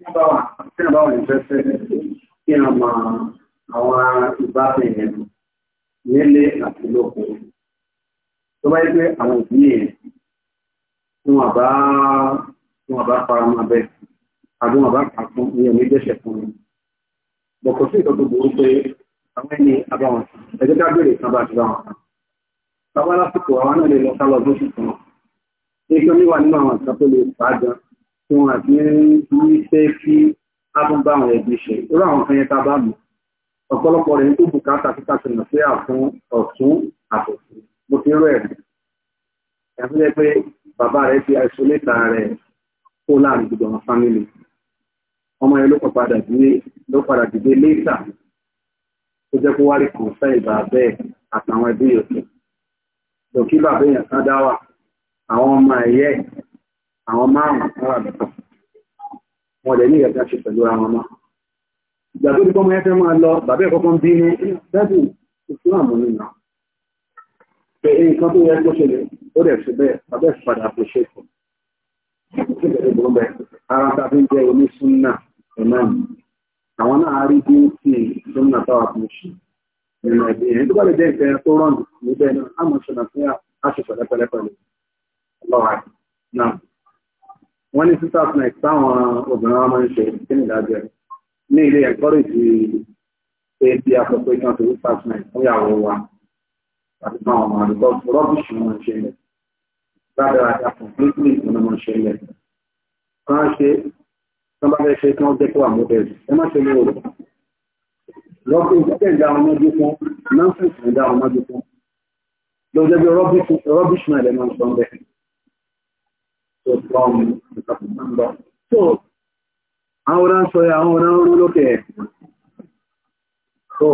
nígbà wà tí a bá wà ní fẹ́fẹ́ kí a mọ àwọn ìbáfẹ́ yẹn nílé àti lóko tó bá yẹ pé àwọn òbí yẹn tí wọn bá tí wọn bá fara mọ́ abẹ àbí wọn bá kà fún ní ẹ̀mí dẹ́sẹ̀ fún mi bọ̀kọ̀ sí ìtọ́jú burú pé àwọn ẹni abáwọn ẹgbẹ́ ká béèrè kan bá ti bá wọn kan tábà lásìkò àwọn náà lè lọ sálọ àwọn tí wọ́n àti ní fẹ́ kí a tún bá àwọn ẹbí ṣe irú àwọn kan yẹn tá a bá mú ọ̀pọ̀lọpọ̀ rẹ̀ tó bùkátà kíkà ṣe nà sí àfún ọ̀tún àtọ̀tún mo fi rú ẹ̀rí ẹ̀fúnjẹ́ pé bàbá rẹ̀ fi isolate rẹ̀ kó láàrin gbogbo àwọn family ọmọ yẹn ló kọ̀ padà dìde ló padà dìde létà tó jẹ́ kó wá rí kàn fẹ́ ìgbà bẹ́ẹ̀ àtàwọn ẹbí yòókù lòkí bàbá yẹn kan dá wà àwọn ọmọ ẹ̀yẹ́ àwọn márùn-ún sára nìkan wọn lè ní ìyàtọ̀ ṣe pẹ̀lú ara wọn mọ́ ìgbà tó ti kọ́ mọ́yẹ́fẹ́ máa lọ bàbá ìkọ́kọ́ ń bínú dẹ́bù ìsúlámù nínú nǹkan tó yẹ kó ó ṣe bẹ́ẹ̀ kò ṣe ara ta fi ń jẹ́ àwọn náà rí bí táwa ṣe tó bá lè wọ́n ní sísá snack táwọn obìnrin wọn máa ń ni ìdájọ́ ní ilé ẹ̀kọ́rìjì ebi àpapọ̀ ìtàn tó sísá snack fún ìyàwó wa àti fún àwọn ọmọ àdúgbò rọ́bìṣì wọn ṣe lẹ̀ dáadáa àti àpòpínlẹ̀ ìtàn wọn ṣe lẹ̀ wọ́n ṣe wọ́n bá fẹ́ ṣe kí wọ́n jẹ́ kó àmú bẹ̀rẹ̀ ẹ má ṣe lóòrò rọ́bìṣì tẹ̀ ń ọmọ ojú fún nọ́ọ̀sì ń dá ọmọ ojú fún lọ́jọ́ bí rọ́bìṣì náà lẹ́ máa ń sọ bẹ́ẹ̀ ọlọ́run ìtàkùnlọ. So, àwọn ọ̀rán sọ àwọn ọ̀rán orú lókè ẹ̀. So,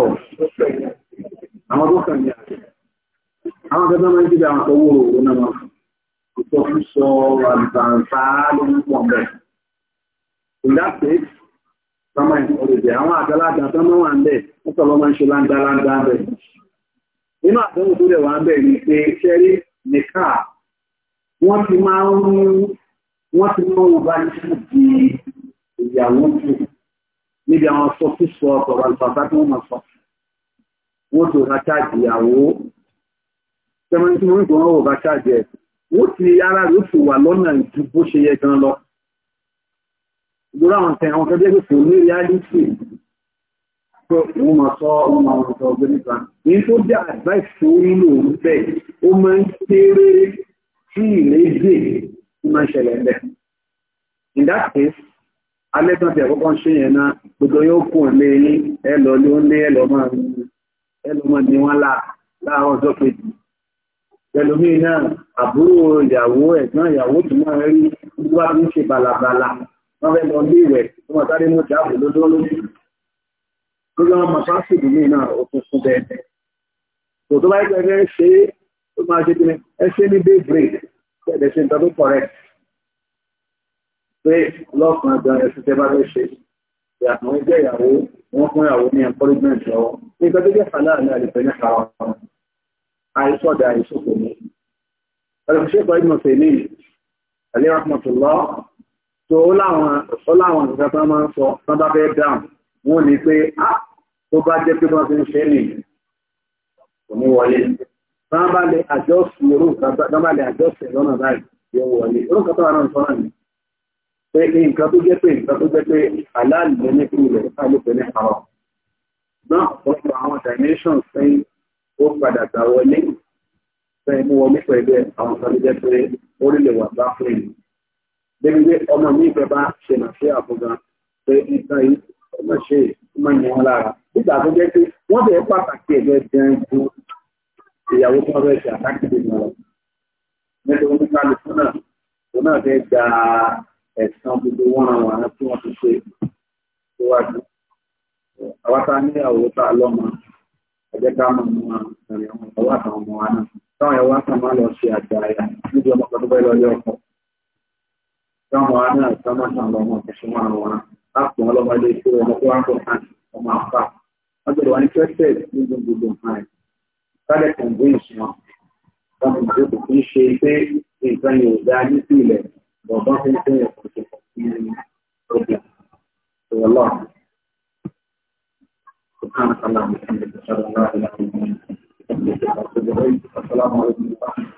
àwọn tó kàn ní àṣẹ. Àwọn kẹta máa ń jíbi àwọn owó owó náà máa ìtọ́ fún sọ àgbàǹfà ló ń pọ̀ bẹ̀. In that case, sọ́mọ́ ìfọ̀rọ̀dẹ̀ àwọn àgbàlagbà tó máa wà ń bẹ̀, ó sọ̀rọ̀ máa ń ṣe láńdá láńdá bẹ̀. Inú àtọ́wò tó dẹ̀ wà bẹ̀ ni pé ṣẹ́rí nìkà wọ́n ti máa ń wọ́n ti mọ́ wọn bá yíṣẹ́ di ìyàwó jù níbi àwọn sọ tó sọ ọ̀rọ̀ àlùfàṣà tí wọ́n máa sọ. wọ́n tó ra ṣáàjì ìyàwó tẹ́wọ́n tí wọ́n ń gbọ́n wọ́n bá ṣáàjì ẹ̀ wọ́n ti ara rẹ̀ ó sì wà lọ́nà ju bó ṣe yẹ gan lọ. ìgbóra àwọn tẹ̀ àwọn kẹjẹ́ gbèsè ní reality pé òun máa sọ òun máa wọn sọ ọgbẹ́ nípa. èyí tó jẹ́ advice tó nílò bẹ́ẹ̀ ó máa ń kéré sí ìlédè tó máa ń ṣẹlẹ̀ bẹ́ẹ̀ that case alẹ́ tán ti àkọ́kọ́ ṣe yẹn náà gbogbo yóò kù lé ní ẹlọ ló ń lé ẹlọ máa ní wọn là láàárọ̀ ọjọ́ kejì pẹ̀lúmí náà àbúrò ìyàwó ẹ̀gbọ́n ìyàwó tó máa rí gbogbo àti ń ṣe balabala wọ́n fẹ́ lọ ní ìwẹ̀ tó wọ́n sáré mú jáàbù lójó lójú lójú àwọn mọ̀sánsìdì míì náà ó tún fún bẹ́ẹ̀ kò tó bá yẹ kẹ́ ṣe é ó máa ṣe kí ẹ ṣe ní day break kẹ́ẹ̀dẹ̀ ṣe nǹkan tó correct pé lọ́kàn àjọ ẹ̀sùn tẹ́ bá fẹ́ ṣe pé àwọn ẹgbẹ́ ìyàwó wọn fún ìyàwó ní encouragement lọ́wọ́ ní ìgbà tó jẹ́ fàlà ní àlùfẹ́ ní àwọn àìsọ̀dà àìsòkò ní. ọlọ́fíṣẹ́ kọ́ ìgbọ̀n fèmí àlẹ́ rahmatullah tó ó láwọn nǹkan tó máa ń sọ tó bá fẹ́ dáhùn wọn ni pé á ah, tó bá jẹ́ pé wọ́n fi ń ṣe é nìyí kò ní wọlé. tán bá lè àjọsìn lọ́nà báyìí yóò wọlé. orúkọ tó wà náà sọ náà pé nǹkan tó jẹ́ pé nǹkan tó jẹ́ pé aláàlú ní ìpínlẹ̀ ìpàlùpẹ̀ ní àwọn náà ọ̀pọ̀ àwọn dimensions pé ó padà gbà wọlé pé mú wọlé pẹ̀lú àwọn kan tó jẹ́ pé orílẹ̀ wà bá fún ìlú. débi pé ọmọ mi ìfẹ́ bá ṣe nà ṣe àfúgà pé nǹkan yìí ọmọ ṣe ọmọ yìí wọn lára nígbà tó jẹ́ pé wọ́n bẹ̀rẹ̀ pàtàkì ẹ̀gbẹ́ gan ju ìyàwó tó fẹ́ ṣe àtàkì ẹ̀sán gbogbo wọn àwọn àwọn tí wọ́n ti ṣe tó wá àwa tá a ní àwòrán tá a lọ́mọ ẹ̀jẹ̀ ká mọ̀ mọ́ àrẹ̀ àwọn ọ̀wọ́ àtàwọn ọmọ wa náà táwọn ẹ̀wọ́ àtàwọn máa lọ ṣe àjà àyà níbi ọmọ kan tó bá lọ́ọ́ ọkọ̀. táwọn wa náà ká má sàn lọ ọmọ kẹsàn án wọn láti wọn lọ́mọdé tó ọmọ tó wá ń bọ̀ hàn ọmọ àfà. wọ́n gbọ́dọ̀ wá ní fẹ́fẹ́ ní gbogbo nǹkan ẹ̀ sálẹ̀ bọ̀bá fẹ́ bẹ̀rẹ̀ pẹ̀lú ìrìn ọjà ìwọ lọ́wọ́. سبحانك اللهم وبحمدك اشهد ان لا اله الا انت استغفرك واتوب اليك والسلام عليكم ورحمه الله